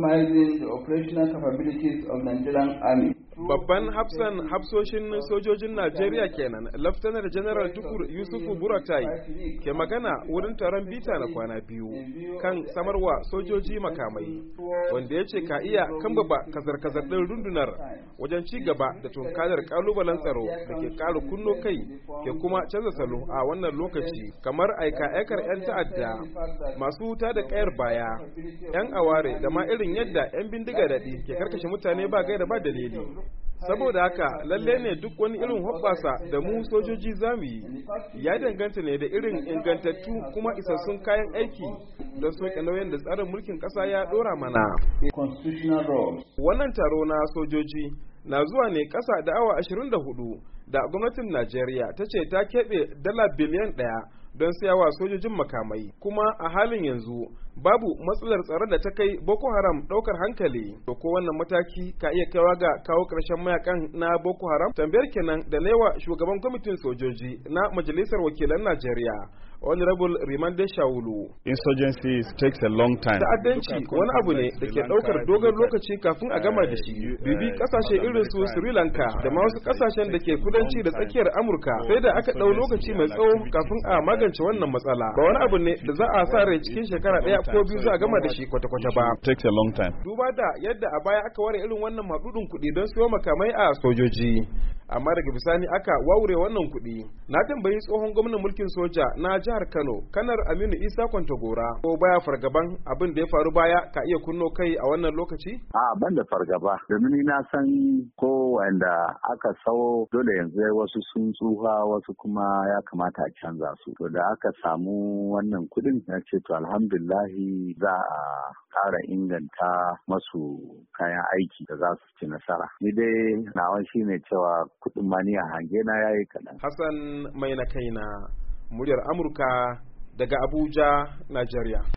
maximizing the operational capabilities of the Nigerian Army. Babban hafsan hafsoshin sojojin Najeriya kenan, Laftanar General Tukur Yusufu Buratai ke magana wurin taron bita na kwana biyu kan samarwa sojoji makamai, wanda ya ce ka iya kambaba kazar-kazar ɗin rundunar wajen ci gaba da tunkadar kalubalen tsaro da ke ƙara kunno kai ke kuma canza salo a wannan lokaci kamar aika-aikar 'yan ta'adda masu wuta da ƙayar baya, 'yan aware da ma irin yadda 'yan bindiga daɗi ke karkashe mutane ba gaira ba dalili. saboda haka lalle ne duk wani irin hoɓasa da mu sojoji za mu yi ya danganta ne da irin ingantattu kuma isassun kayan aiki don soke nauyin da tsarin mulkin ƙasa ya ɗora mana wannan taro na sojoji na zuwa ne ƙasa da awa 24 da gwamnatin najeriya ta ce ta keɓe dala biliyan ɗaya don sayawa sojojin makamai kuma a halin yanzu babu matsalar tsaron da ta kai Boko Haram ɗaukar hankali. To ko wannan mataki ka iya kaiwa ga kawo karshen mayakan na Boko Haram? Tambayar kenan da naiwa shugaban kwamitin sojoji na Majalisar Wakilan Najeriya. Honorable Rimande Shawulu. Insurgencies takes a long time. Ta'addanci wani abu ne da ke ɗaukar dogon lokaci kafin a gama da shi. Bibi ƙasashe irin su Sri Lanka da ma wasu kasashen da ke kudanci da tsakiyar Amurka sai da aka ɗau lokaci mai tsawo kafin a magance wannan matsala. Ba wani abu ne da za a sa rai cikin shekara ɗaya ko biyu za a gama da shi kwata-kwata ba. Takes a long time. Duba da yadda a baya aka ware irin wannan maɗuɗin kuɗi don siyo makamai a sojoji. amma daga bisani aka waure wannan kuɗi na tambayi tsohon gwamnan mulkin soja na jihar kano kanar aminu isa kwantagora ko baya fargaban abin da ya faru baya ka iya kunno kai a wannan lokaci a ban da fargaba domin na san ko wanda aka sawo dole yanzu wasu sun tsufa, wasu kuma ya kamata a canza su to da aka samu wannan kuɗin na ce to alhamdulillahi za a ƙara inganta masu kayan aiki da za su ci nasara ni dai nawa shine cewa kuɗin a hange na ya yi kaɗan. Hassan mai na kaina muryar Amurka daga Abuja, Najeriya.